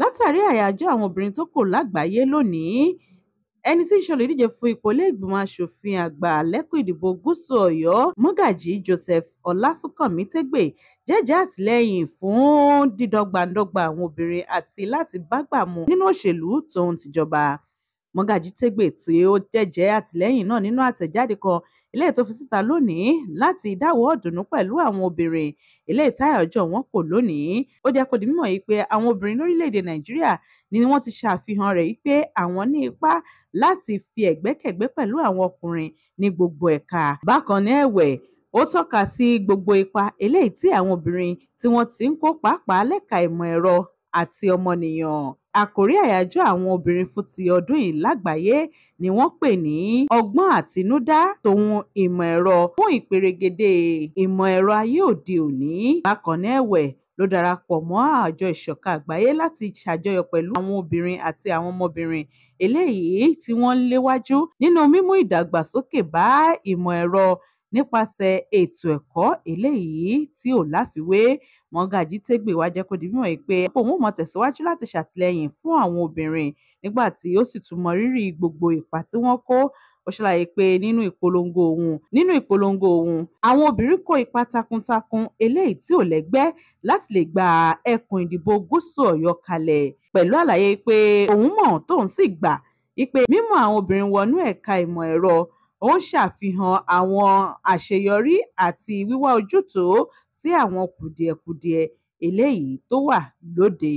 látàrí àyájọ́ àwọn obìnrin tó kù lágbàáyé lónìí ẹni tí í ṣe olùdíje fún ipò iléègbìmọ̀ asòfin àgbà lẹ́kùn ìdìbò gúúsù ọ̀yọ́ mọ́gàjí joseph ọlásùnkànmí tẹgbẹ jẹ́jẹ́ àtìlẹ́yìn fún dídọ́gbandọ́gba àwọn obìnrin àti láti bágbà mu nínú òṣèlú tóun tìjọba Mọ́gàjí Tégbè tí ó jẹ́jẹ́ àtìlẹ́yìn náà nínú àtẹ̀jáde kan eléyìí tó fi síta lónìí láti dáwọ́ ọ̀dùnnú pẹ̀lú àwọn obìnrin eléyìí táyà ọjọ́ wọn kò lónìí ó jẹ́ kó di mímọ̀ yìí pé àwọn obìnrin lórílẹ̀‐èdè Nàìjíríà ni wọ́n ti ṣàfihàn rẹ̀ yìí pé àwọn ní ipá láti fi ẹ̀gbẹ́kẹ̀gbẹ́ pẹ̀lú àwọn ọkùnrin ní gbogbo ẹ̀ka bákan náà ẹ̀wẹ̀ ó tọ́ka sí gbogbo ipa eléyìí tí àwọn obìnrin tí wọ́n ti ń kó pàápàá lẹ́ka ìmọ̀ ẹ̀rọ àti ọmọnìyàn Àkòrí àyájọ́ àwọn obìnrin fún ti ọdún yìí lágbàáyé ni wọ́n pè ní ọgbọ́n àtinúdá tòun ìmọ̀ ẹ̀rọ fún ìperegedé ìmọ̀ ẹ̀rọ ayé òde òní. Bákan náà ẹ̀wẹ̀ ló darapọ̀ mọ́ àjọ ìṣọ̀kan àgbáyé láti ṣàjọyọ̀ pẹ̀lú àwọn obìnrin àti àwọn ọmọbìnrin eléyìí tí wọ́n léwájú nínú mímú ìdàgbàsókè bá ìmọ̀ ẹ̀rọ nípasẹ̀ ètò ẹ̀kọ́ eléyìí tí ò láfiwé Mọ̀gàjí Tẹ́gbèwá jẹ́ kó di mímọ̀ yìí pé òun mọ̀ tẹ̀síwájú láti ṣàtìlẹ́yìn fún àwọn obìnrin nígbà tí ó sì tún mọ rírì gbogbo ipa tí wọ́n kó ó ṣàlàyé pé nínú ìpolongo òun nínú ìpolongo òun àwọn obìnrin kó ipa takuntakun eléyìí tí ò lẹ́gbẹ́ láti lè gba ẹkùn ìdìbò gúúsù Ọ̀yọ́ kalẹ̀ pẹ̀lú àlàyé pé òun mọ̀ tóun sì gbà wípé mímú àwọn obìnrin wọnú ẹ̀ka ìmọ̀ ẹ̀rọ ó ń ṣàfihàn àwọn àṣeyọrí àti wíwá ojútùú sí àwọn kùdìẹ̀kudiẹ eléyìí tó wà lóde